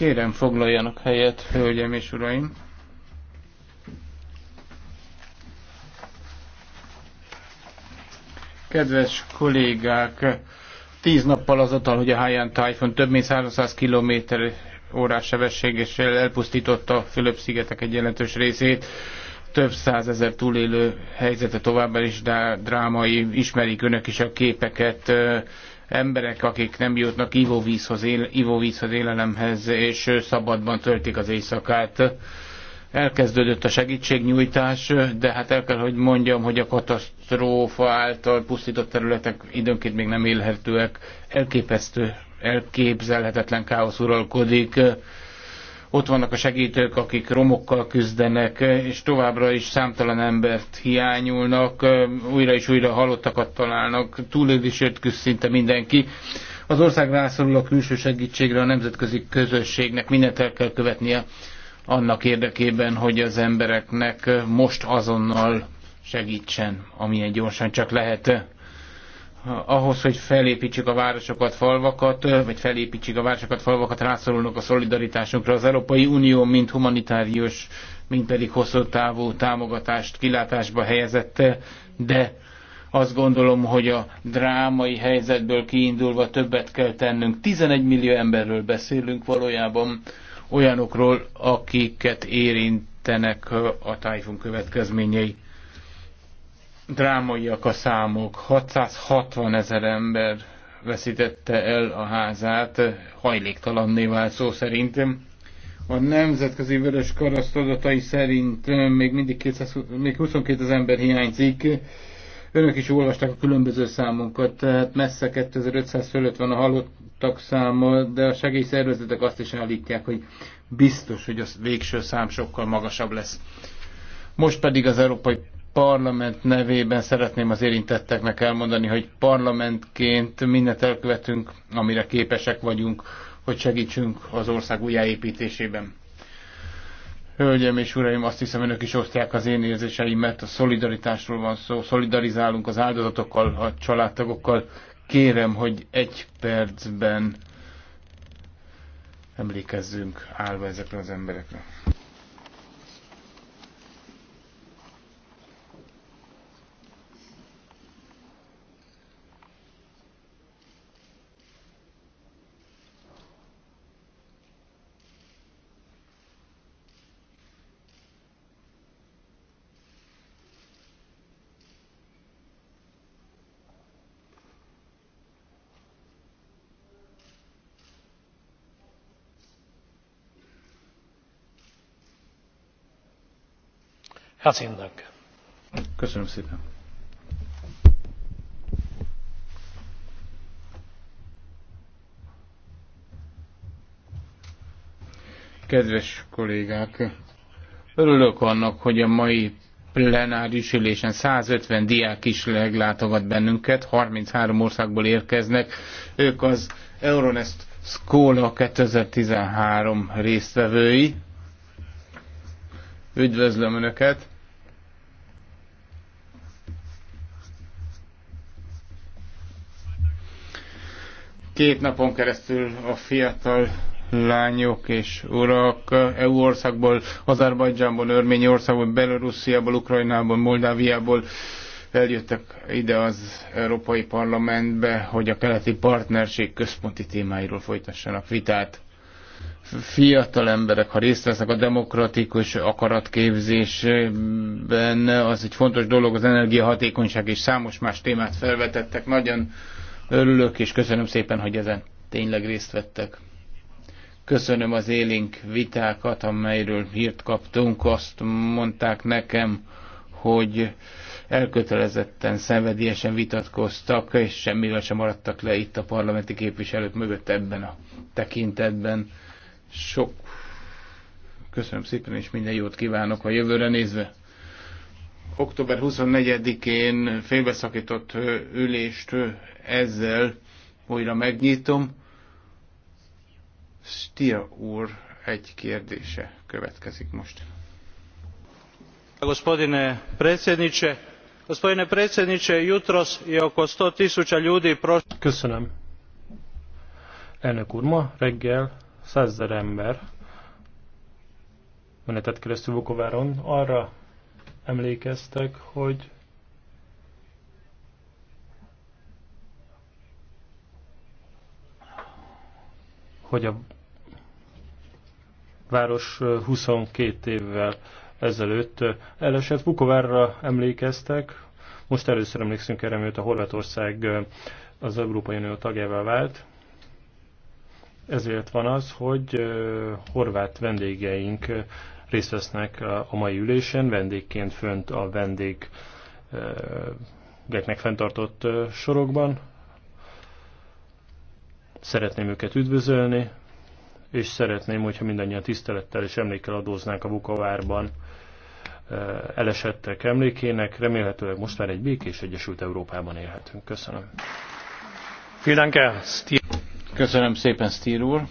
Kérem, foglaljanak helyet, hölgyem és uraim. Kedves kollégák, tíz nappal azóta, hogy a Haiyan Typhoon több mint 300 km órás sebességgel elpusztította a Fülöp-szigetek egy jelentős részét, több százezer túlélő helyzete továbbá is drámai, ismerik önök is a képeket, emberek, akik nem jutnak ivóvízhoz, él, ivóvízhoz élelemhez, és szabadban töltik az éjszakát. Elkezdődött a segítségnyújtás, de hát el kell, hogy mondjam, hogy a katasztrófa által pusztított területek időnként még nem élhetőek. Elképesztő, elképzelhetetlen káosz uralkodik ott vannak a segítők, akik romokkal küzdenek, és továbbra is számtalan embert hiányulnak, újra és újra halottakat találnak, túlélésért küzd szinte mindenki. Az ország rászorul a külső segítségre, a nemzetközi közösségnek mindent el kell követnie annak érdekében, hogy az embereknek most azonnal segítsen, amilyen gyorsan csak lehet ahhoz, hogy felépítsük a városokat, falvakat, vagy felépítsük a városokat, falvakat, rászorulnak a szolidaritásunkra. Az Európai Unió mind humanitárius, mind pedig hosszú távú támogatást kilátásba helyezette, de azt gondolom, hogy a drámai helyzetből kiindulva többet kell tennünk. 11 millió emberről beszélünk valójában, olyanokról, akiket érintenek a tájfunk következményei drámaiak a számok. 660 ezer ember veszítette el a házát, hajléktalanné vált szó szerint. A nemzetközi vörös karaszt adatai szerint még mindig 200, még 22 az ember hiányzik. Önök is olvasták a különböző számunkat, tehát messze 2500 fölött van a halottak száma, de a segélyszervezetek azt is állítják, hogy biztos, hogy a végső szám sokkal magasabb lesz. Most pedig az Európai parlament nevében szeretném az érintetteknek elmondani, hogy parlamentként mindent elkövetünk, amire képesek vagyunk, hogy segítsünk az ország újjáépítésében. Hölgyeim és uraim, azt hiszem önök is osztják az én érzéseimet, a szolidaritásról van szó, szolidarizálunk az áldozatokkal, a családtagokkal. Kérem, hogy egy percben emlékezzünk állva ezekre az emberekre. Herzlichen hát, Dank. Köszönöm szépen. Kedves kollégák, örülök annak, hogy a mai plenáris ülésen 150 diák is leglátogat bennünket, 33 országból érkeznek. Ők az Euronest Skola 2013 résztvevői. Üdvözlöm Önöket! Két napon keresztül a fiatal lányok és urak EU országból, Azerbajdzsánból, Örményországból, Belorussziából, Ukrajnából, Moldáviából eljöttek ide az Európai Parlamentbe, hogy a keleti partnerség központi témáiról folytassanak vitát. Fiatal emberek, ha részt vesznek a demokratikus akaratképzésben, az egy fontos dolog, az energiahatékonyság és számos más témát felvetettek. Nagyon Örülök, és köszönöm szépen, hogy ezen tényleg részt vettek. Köszönöm az élénk vitákat, amelyről hírt kaptunk. Azt mondták nekem, hogy elkötelezetten, szenvedélyesen vitatkoztak, és semmivel sem maradtak le itt a parlamenti képviselők mögött ebben a tekintetben. Sok köszönöm szépen, és minden jót kívánok a jövőre nézve október 24-én félbeszakított ülést ezzel újra megnyitom. Stia úr egy kérdése következik most. Gospodine predsjedniče, gospodine predsjedniče, jutros je oko 100 tisuća ljudi prošlo... Köszönöm. Elnök úr, ma reggel 100 ember menetet keresztül Vukováron arra emlékeztek, hogy hogy a város 22 évvel ezelőtt elesett Vukovárra emlékeztek, most először emlékszünk erre, mert a Horvátország az Európai Unió tagjává vált. Ezért van az, hogy horvát vendégeink részt vesznek a mai ülésen, vendégként fönt a vendégeknek fenntartott sorokban. Szeretném őket üdvözölni, és szeretném, hogyha mindannyian tisztelettel és emlékkel adóznánk a Bukavárban elesettek emlékének. Remélhetőleg most már egy békés Egyesült Európában élhetünk. Köszönöm. Köszönöm szépen, Stír úr.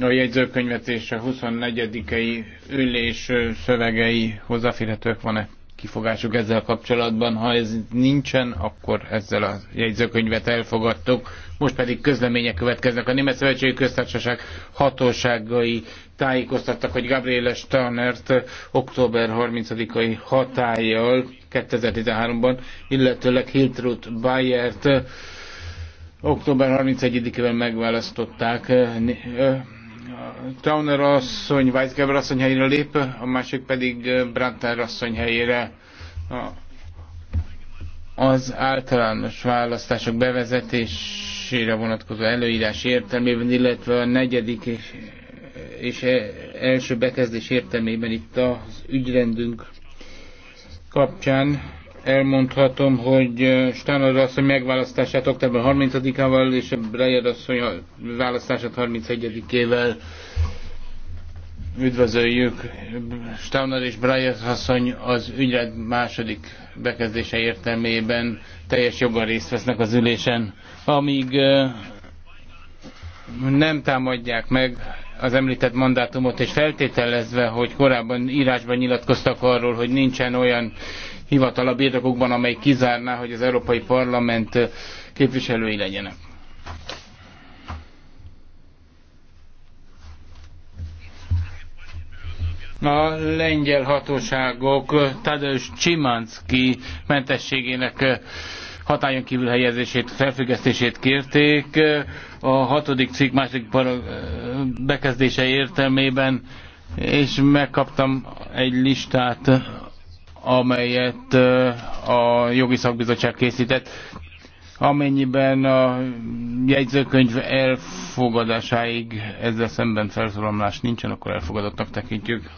A jegyzőkönyvet és a 24-i ülés szövegei hozzáférhetőek van-e kifogásuk ezzel kapcsolatban? Ha ez nincsen, akkor ezzel a jegyzőkönyvet elfogadtuk. Most pedig közlemények következnek. A Német Szövetségi Köztársaság hatóságai tájékoztattak, hogy Gabriele Stanert október 30-ai hatállyal 2013-ban, illetőleg Hiltrud Bayert október 31-ével megválasztották Towner asszony, Weisgeber asszony helyére lép, a másik pedig eh, Brantner asszony helyére. Az általános választások bevezetésére vonatkozó előírás értelmében, illetve a negyedik és, és e- első bekezdés értelmében itt az ügyrendünk kapcsán elmondhatom, hogy eh, Stánor asszony megválasztását október 30-ával és Breyer asszony választását 31-ével üdvözöljük. Stánor és Breyer asszony az ügyed második bekezdése értelmében teljes joggal részt vesznek az ülésen. Amíg eh, nem támadják meg az említett mandátumot, és feltételezve, hogy korábban írásban nyilatkoztak arról, hogy nincsen olyan hivatala birtokukban, amely kizárná, hogy az Európai Parlament képviselői legyenek. a lengyel hatóságok Tadeusz Csimanszki mentességének hatályon kívül helyezését, felfüggesztését kérték. A hatodik cikk második bekezdése értelmében, és megkaptam egy listát amelyet a jogi szakbizottság készített, amennyiben a jegyzőkönyv elfogadásáig ezzel szemben felszólalás nincsen, akkor elfogadottnak tekintjük.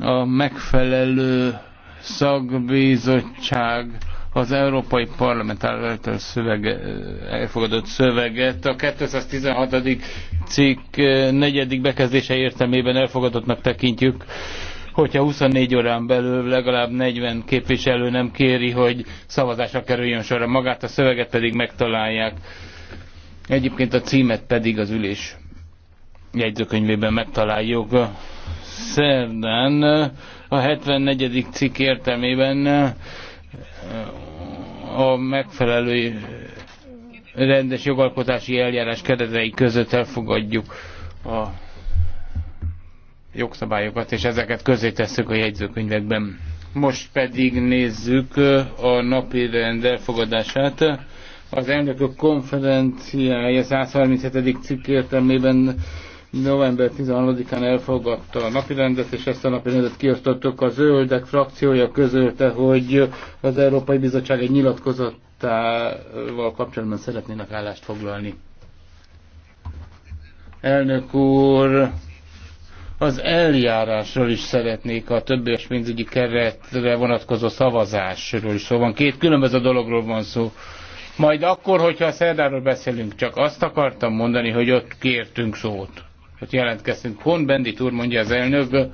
A megfelelő szakbizottság az Európai Parlament által szövege, elfogadott szöveget a 216. cikk negyedik bekezdése értelmében elfogadottnak tekintjük hogyha 24 órán belül legalább 40 képviselő nem kéri, hogy szavazásra kerüljön sorra magát, a szöveget pedig megtalálják. Egyébként a címet pedig az ülés jegyzőkönyvében megtaláljuk. Szerdán a 74. cikk értelmében a megfelelő rendes jogalkotási eljárás keretei között elfogadjuk a jogszabályokat, és ezeket közé tesszük a jegyzőkönyvekben. Most pedig nézzük a napi rend elfogadását. Az elnökök konferenciája 137. cikk értelmében november 13-án elfogadta a napirendet, és ezt a napirendet kiosztottuk. A zöldek frakciója közölte, hogy az Európai Bizottság egy nyilatkozattával kapcsolatban szeretnének állást foglalni. Elnök úr, az eljárásról is szeretnék a többi és pénzügyi keretre vonatkozó szavazásról is szó van. Két különböző dologról van szó. Majd akkor, hogyha a szerdáról beszélünk, csak azt akartam mondani, hogy ott kértünk szót. Ott jelentkeztünk. Hon Bendit úr mondja az elnök,